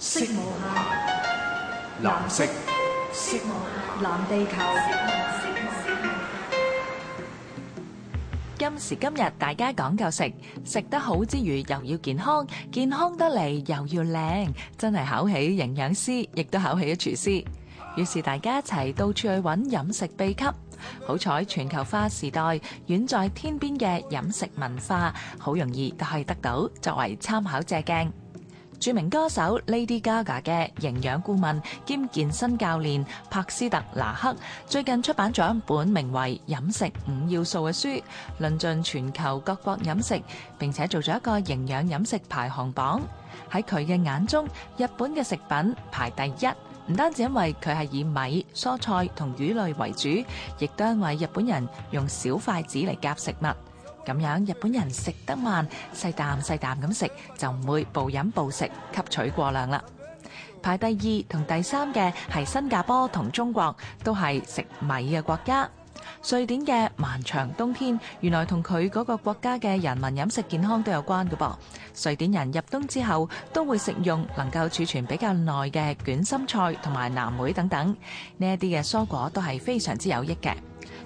色無限，藍色，藍地球。今時今日，大家講究食，食得好之餘又要健康，健康得嚟又要靚，真係考起營養師，亦都考起咗廚師。於是大家一齊到處去揾飲食秘笈。好彩全球化時代，遠在天邊嘅飲食文化，好容易都可以得到作為參考借鏡。著名歌手 Lady Gaga 嘅營養顧問兼健身教練帕斯特拿克最近出版咗一本名為《飲食五要素》嘅書，論盡全球各國飲食，並且做咗一個營養飲食排行榜。喺佢嘅眼中，日本嘅食品排第一，唔單止因為佢係以米、蔬菜同魚類為主，亦都因為日本人用小筷子嚟夾食物。咁樣，日本人食得慢，細啖細啖咁食，就唔會暴飲暴食，吸取過量啦。排第二同第三嘅係新加坡同中國，都係食米嘅國家。瑞典嘅漫長冬天，原來同佢嗰個國家嘅人民飲食健康都有關嘅噃。瑞典人入冬之後都會食用能夠儲存比較耐嘅捲心菜同埋藍莓等等呢一啲嘅蔬果，都係非常之有益嘅。